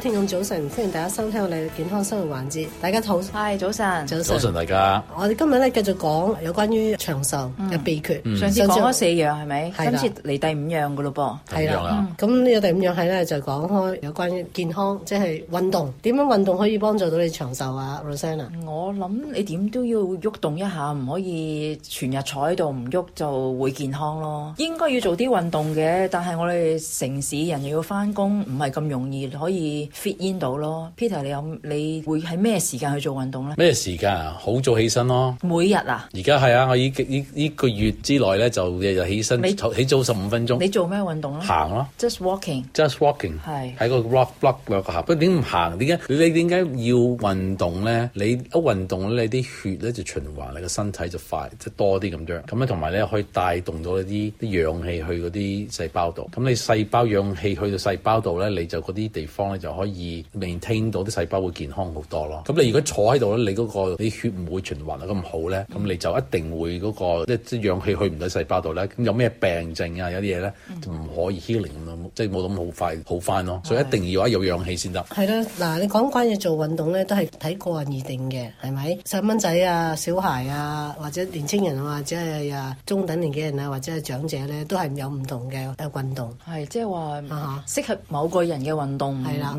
聽咁早晨，歡迎大家收聽我哋嘅健康生活環節。大家好，嗨，早晨，早晨上，早晨大家。我哋今日咧繼續講有關於長壽嘅秘訣。嗯嗯、上次講咗四樣係咪？今的次嚟第五樣噶咯噃。係啦。咁呢個第五樣係咧，就是，講開有關於健康，即係運動。點樣運動可以幫助到你長壽啊？Rosanna，我諗你點都要喐動一下，唔可以全日坐喺度唔喐就會健康咯。應該要做啲運動嘅，但係我哋城市人又要翻工，唔係咁容易可以。fit in 到咯，Peter，你有你會喺咩時間去做運動咧？咩時間啊？好早起身咯。每日啊？而家係啊，我依依依個月之內咧，就日日起身，起早十五分鐘。你做咩運動咧？行咯，just walking，just walking，係喺個 rock block 度行。不過點唔行點解？你點解要運動咧？你一運動咧，你啲血咧就循環，你個身體就快，即係多啲咁樣。咁咧同埋咧，可以帶動到啲啲氧氣去嗰啲細胞度。咁你細胞氧氣去到細胞度咧，你就嗰啲地方咧就。可以 maintain 到啲細胞會健康好多咯。咁你如果你坐喺度咧，你嗰個啲血唔會循環得咁好咧，咁你就一定會嗰、嗰個即即、就是、氧氣去唔到細胞度咧。咁有咩病症啊？有啲嘢咧就唔可以 healing 咁，即係冇咁好快好翻咯。的所以一定要有氧氣先得。係咯，嗱，你講關於做運動咧，都係睇個人而定嘅，係咪細蚊仔啊、小孩啊，或者年輕人啊，或者係啊中等年紀人啊，或者係長者咧，都係有唔同嘅運動。係即係話適合某個人嘅運動。係啦、啊。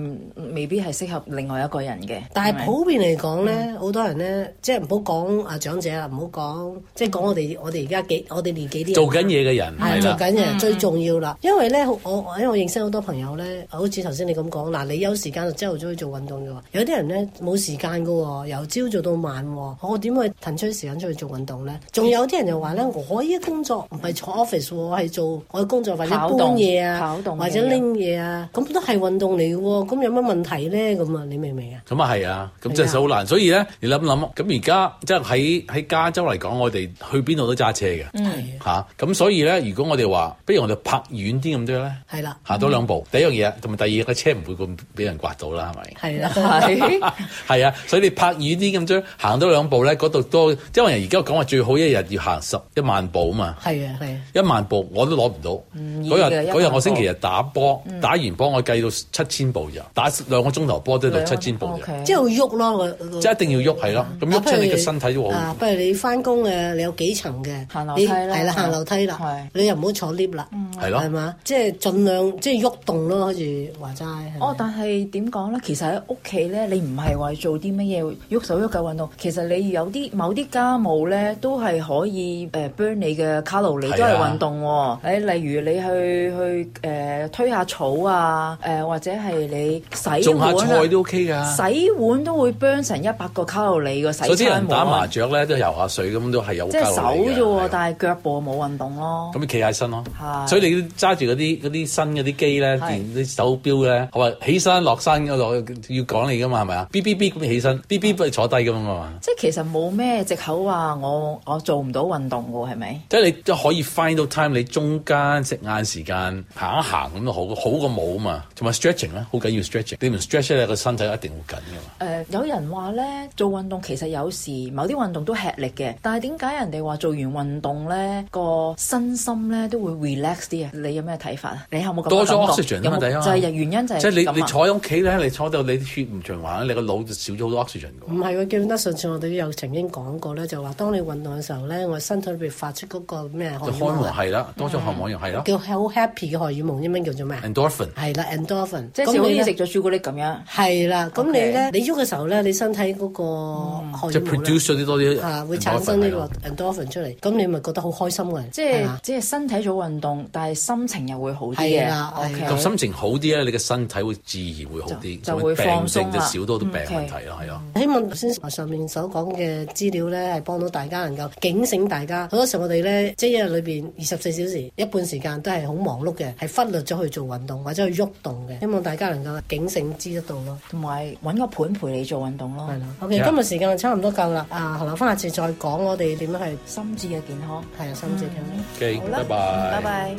未必係適合另外一個人嘅，但係普遍嚟講咧，好、嗯、多人咧，即係唔好講啊長者啦，唔好講，即係講我哋我哋而家幾我哋年紀啲做緊嘢嘅人係做緊嘢，的的最重要啦。嗯、因為咧，我因為我認識好多朋友咧，好似頭先你咁講嗱，你有時間就朝頭早去做運動嘅，有啲人咧冇時間噶，由朝做到晚，哦、我點會騰出時間出去做運動咧？仲有啲人又話咧，我嘅工作唔係坐 office，我係做我嘅工作或者搬嘢動啊，跑動或者拎嘢啊，咁都係運動嚟嘅。咁有乜問題咧？咁啊，你明唔明啊？咁啊係啊，咁真係好難。所以咧，你諗諗，咁而家即係喺喺加州嚟講，我哋去邊度都揸車嘅。嗯。嚇，咁所以咧，如果我哋話，不如我哋拍遠啲咁多咧？係啦。行多兩步，第一樣嘢同埋第二個車唔會咁俾人刮到啦，係咪？係啦，都係。係啊，所以你拍遠啲咁多，行多兩步咧，嗰度多，即為人而家講話最好一日要行十一萬步啊嘛。係啊，係。一萬步我都攞唔到，嗰日嗰日我星期日打波，打完波我計到七千步啫。打兩個鐘頭波都六七千步嘅，即係要喐咯，即係一定要喐係咯。咁喐出你嘅身體都好。不如你翻工嘅，你有幾層嘅？行樓梯啦，係啦，行樓梯啦。你又唔好坐 lift 啦，係咯，係嘛？即係盡量即係喐動咯，好似話齋。哦，但係點講咧？其實喺屋企咧，你唔係話做啲乜嘢喐手喐腳運動。其實你有啲某啲家務咧，都係可以誒 burn 你嘅卡路里，都係運動喎。例如你去去誒推下草啊，誒或者係你。洗碗下菜都、OK、啊！洗碗都會 burn 成一百個卡路里個洗碗。所以啲人打麻雀咧，都游下水咁，都係有卡路里即係手啫喎，是的但係腳部冇運動咯。咁你企下身咯，的所以你揸住嗰啲啲新嗰啲機咧，連啲的手錶咧，係咪的的起身落山嗰度要講你噶嘛，係咪啊？B B B 咁起身，B B B 坐低咁啊嘛。嘛即係其實冇咩藉口話我我做唔到運動喎，係咪？即係你可以 find 到 time，你中間食晏時間行一行咁都好好過冇啊嘛，同埋 stretching 咧好緊要。要 stretching，你唔 stretching 咧，個身體一定會緊嘅嘛。誒，有人話咧，做運動其實有時某啲運動都吃力嘅，但係點解人哋話做完運動咧，個身心咧都會 relax 啲啊？你有咩睇法啊？你有冇咁感覺？多咗 oxygen，有冇第一就係原因就係即係你你坐喺屋企咧，你坐到你血唔循環，你個腦就少咗好多 oxygen。唔係喎，記得上次我哋有曾經講過咧，就話當你運動嘅時候咧，我身體裏邊發出嗰個咩啊？就荷爾蒙係啦，荷爾蒙嗯、多咗荷爾蒙又係咯。叫好 happy 嘅荷爾蒙，英文叫做咩？endorphin 係啦，endorphin。咁 End 你食咗朱古力咁樣，係啦。咁你咧，你喐嘅時候咧，你身體嗰個荷爾蒙咧，即係 produce 咗啲多啲，嚇會產生呢個 endorphin 出嚟。咁你咪覺得好開心嘅，即係即係身體做運動，但係心情又會好啲嘅。咁心情好啲咧，你嘅身體會自然會好啲，就會放鬆少多啲病問題咯，係啊。希望頭先上面所講嘅資料咧，係幫到大家能夠警醒大家。好多時候我哋咧，即係一日裏面二十四小時一半時間都係好忙碌嘅，係忽略咗去做運動或者去喐動嘅。希望大家能夠。警醒知得到咯，同埋揾個伴陪你做運動咯。係啦，OK，今日時間就差唔多夠啦。啊，好啦，翻下次再講我哋點樣去心智嘅健康。係啊，心智健康。OK，拜拜。拜拜。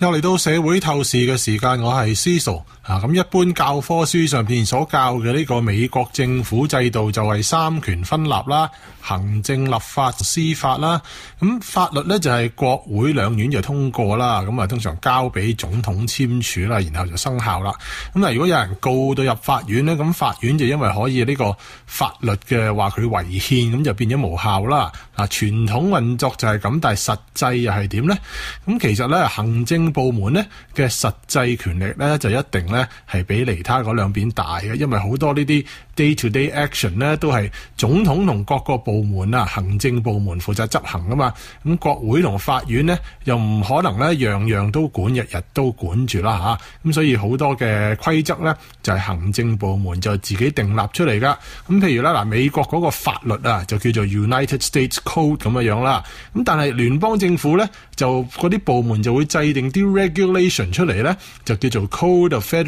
又嚟到社會透視嘅時間，我係思蘇。嗱，咁一般教科書上面所教嘅呢個美國政府制度就係三權分立啦，行政、立法、司法啦。咁法律咧就係國會兩院就通過啦，咁啊通常交俾總統簽署啦，然後就生效啦。咁啊如果有人告到入法院咧，咁法院就因為可以呢個法律嘅話，佢違憲，咁就變咗無效啦。啊，傳統運作就係咁，但係實際又係點咧？咁其實咧，行政部門咧嘅實際權力咧就一定咧咧係比其他嗰兩邊大嘅，因為好多 day to day 呢啲 day-to-day action 咧都係總統同各個部門啊、行政部門負責執行㗎嘛。咁國會同法院咧又唔可能咧樣樣都管，日日都管住啦咁、啊、所以好多嘅規則咧就係、是、行政部門就自己訂立出嚟噶。咁、啊、譬如啦嗱，美國嗰個法律啊就叫做 United States Code 咁樣啦。咁、啊、但係聯邦政府咧就嗰啲部門就會制定啲 regulation 出嚟咧，就叫做 Code of、Federal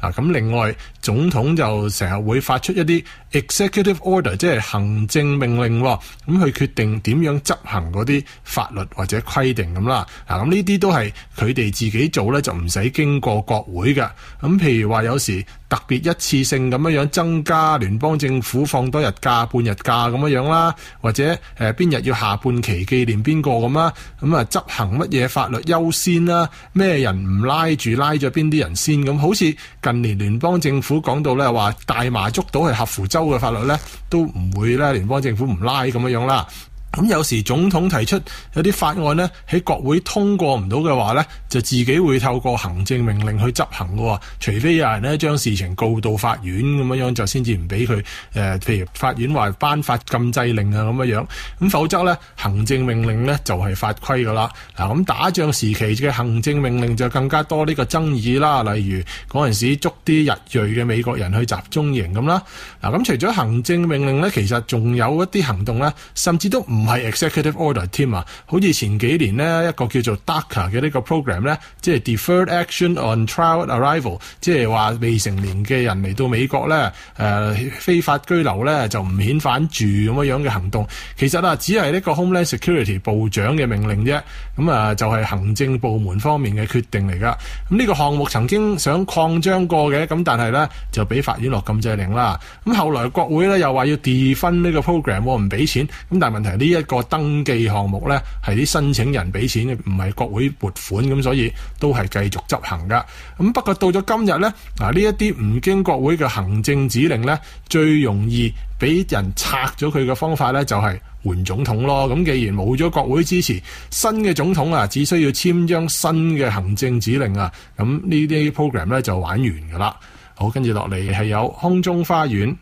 啊，咁另外總統就成日會發出一啲 executive order，即係行政命令，咁、哦、去決定點樣執行嗰啲法律或者規定咁啦。啊，咁呢啲都係佢哋自己做咧，就唔使經過國會嘅。咁、啊、譬如話，有時特別一次性咁樣增加聯邦政府放多日假、半日假咁樣啦，或者誒邊日要下半期紀念邊個咁啦，咁啊執行乜嘢法律優先啦、啊，咩人唔拉住拉咗邊啲人先咁，好似。近年聯邦政府講到咧話，大麻捉到係合乎州嘅法律咧，都唔會咧聯邦政府唔拉咁樣樣啦。咁有時總統提出有啲法案咧喺國會通過唔到嘅話咧，就自己會透過行政命令去執行嘅喎。除非有人咧將事情告到法院咁樣，就先至唔俾佢誒，譬如法院話頒發禁制令啊咁樣，咁否則咧，行政命令咧就係法規噶啦。嗱，咁打仗時期嘅行政命令就更加多呢個爭議啦。例如嗰陣時捉啲日裔嘅美國人去集中營，咁啦。嗱，咁除咗行政命令咧，其實仲有一啲行動咧，甚至都唔～唔係 executive order 添啊，好似前幾年咧一個叫做 DACA 嘅呢個 program 咧，即係 deferred action on travel arrival，即係話未成年嘅人嚟到美國咧，誒、呃、非法居留咧就唔遣返住咁樣嘅行動，其實啊只係呢個 homeland security 部長嘅命令啫，咁啊就係、是、行政部門方面嘅決定嚟噶。咁、這、呢個項目曾經想擴張過嘅，咁但係咧就俾法院落禁制令啦。咁後來國會咧又話要 defund 呢個 program，唔畀錢，咁但問題係呢？呢一個登記項目呢，係啲申請人俾錢嘅，唔係國會撥款，咁所以都係繼續執行噶。咁不過到咗今日呢，嗱呢一啲唔經國會嘅行政指令呢，最容易俾人拆咗佢嘅方法呢，就係換總統咯。咁既然冇咗國會支持，新嘅總統啊，只需要簽張新嘅行政指令啊，咁呢啲 program 呢，就玩完噶啦。好，跟住落嚟係有空中花園。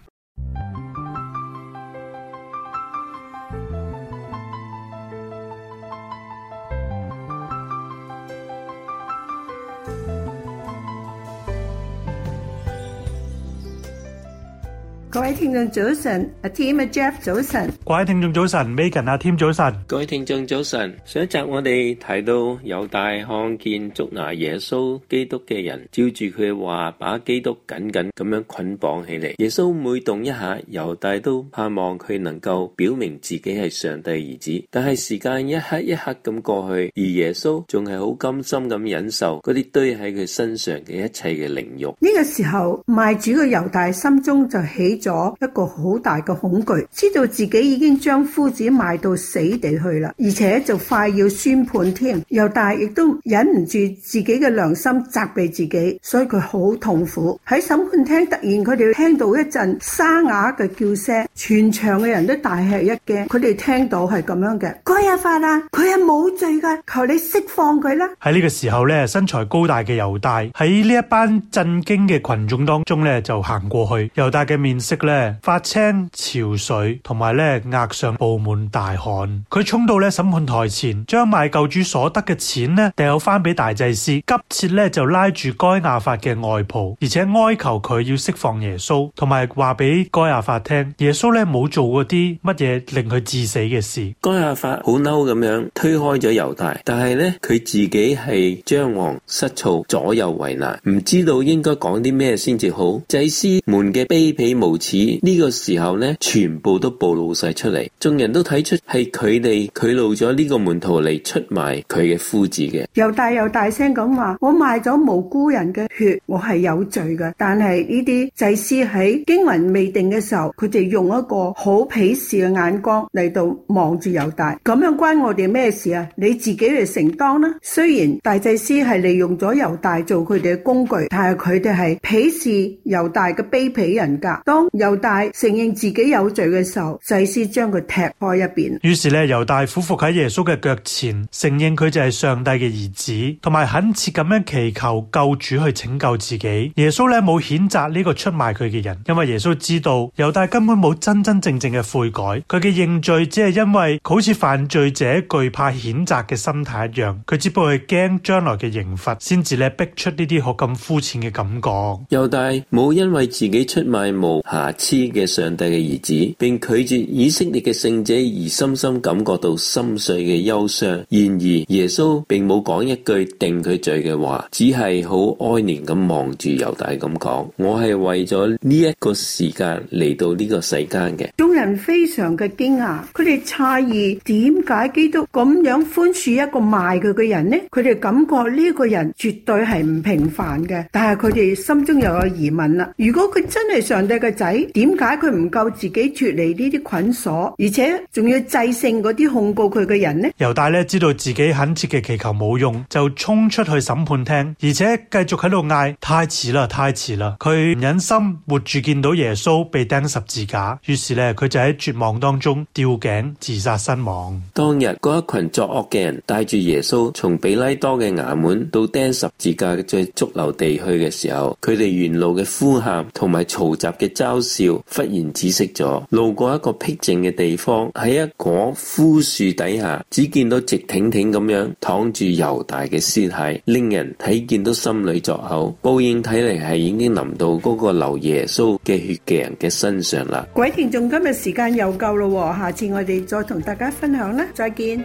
各位聽眾早晨，阿 Tim 阿 Jeff 早晨，各位聽眾早晨，Megan 阿 Tim 早晨，各位聽眾早晨。上一集我哋提到猶大看見捉拿耶穌基督嘅人，照住佢話把基督緊緊咁樣捆綁起嚟。耶穌每動一下，猶大都盼望佢能夠表明自己係上帝兒子。但係時間一刻一刻咁過去，而耶穌仲係好甘心咁忍受嗰啲堆喺佢身上嘅一切嘅凌辱。呢個時候，賣主嘅猶大心中就起咗一個好大嘅恐懼，知道自己已經將夫子賣到死地去啦，而且就快要宣判添。猶大亦都忍唔住自己嘅良心責備自己，所以佢好痛苦。喺審判廳，突然佢哋聽到一陣沙啞嘅叫聲，全場嘅人都大吃一驚。佢哋聽到係咁樣嘅，該亞法啊，佢係冇罪噶，求你釋放佢啦。喺呢個時候咧，身材高大嘅猶大喺呢一班震驚嘅群眾當中咧就行過去，猶大嘅面色。咧發青潮水，同埋咧額上布滿大汗。佢衝到咧審判台前，將賣救主所得嘅錢呢掟翻，俾大祭司，急切咧就拉住該亞法嘅外袍，而且哀求佢要釋放耶穌，同埋話俾該亞法聽，耶穌咧冇做嗰啲乜嘢令佢致死嘅事。該亞法好嬲咁樣推開咗猶大，但係咧佢自己係張皇失措，左右為難，唔知道應該講啲咩先至好。祭司們嘅卑鄙無恥。呢個時候呢，全部都暴露晒出嚟，眾人都睇出係佢哋賄賂咗呢個門徒嚟出賣佢嘅夫子嘅。猶大又大聲咁話，我賣咗無辜人嘅血，我係有罪嘅。但係呢啲祭司喺驚魂未定嘅時候，佢哋用一個好鄙視嘅眼光嚟到望住猶大，咁樣關我哋咩事啊？你自己嚟承當啦，啊。雖然大祭司係利用咗猶大做佢哋嘅工具，但係佢哋係鄙視猶大嘅卑鄙人格。當由大承認自己有罪嘅時候，祭司將佢踢開一邊。於是咧，猶大俯伏喺耶穌嘅腳前，承認佢就係上帝嘅兒子，同埋懇切咁樣祈求救主去拯救自己。耶穌咧，冇譴責呢個出賣佢嘅人，因為耶穌知道猶大根本冇真真正正嘅悔改，佢嘅認罪只係因為佢好似犯罪者懼怕譴責嘅心態一樣，佢只不過係驚將來嘅刑罰，先至咧逼出呢啲好咁膚淺嘅感覺。猶大冇因為自己出賣冇。瑕疵嘅上帝嘅兒子，並拒絕以色列嘅聖者，而深深感覺到心碎嘅憂傷。然而耶穌並冇講一句定佢罪嘅話，只係好哀憐咁望住猶大咁講：我係為咗呢一個時間嚟到呢個世間嘅。眾人非常嘅驚訝，佢哋詫異點解基督咁樣寬恕一個賣佢嘅人呢？佢哋感覺呢個人絕對係唔平凡嘅，但係佢哋心中又有個疑問啦。如果佢真係上帝嘅點解佢唔夠自己脱離呢啲捆鎖，而且仲要制勝嗰啲控告佢嘅人呢？猶大咧知道自己懇切嘅祈求冇用，就衝出去審判廳，而且繼續喺度嗌：太遲啦，太遲啦！佢唔忍心活住見到耶穌被釘十字架，於是咧佢就喺絕望當中吊頸自殺身亡。當日嗰一群作惡嘅人帶住耶穌從比拉多嘅衙門到釘十字架嘅在髑髏地去嘅時候，佢哋沿路嘅呼喊同埋嘈雜嘅嘲。笑忽然止息咗，路過一個僻靜嘅地方，喺一棵枯樹底下，只見到直挺挺咁樣躺住猶大嘅屍體，令人睇見都心裏作嘔。報應睇嚟，係已經淋到嗰個流耶穌嘅血嘅人嘅身上啦。鬼田仲今日時間又夠咯，下次我哋再同大家分享啦，再見。